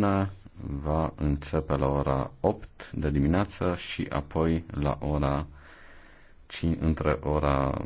Reuniunea va începe la ora 8 de dimineață și apoi la ora 5, între ora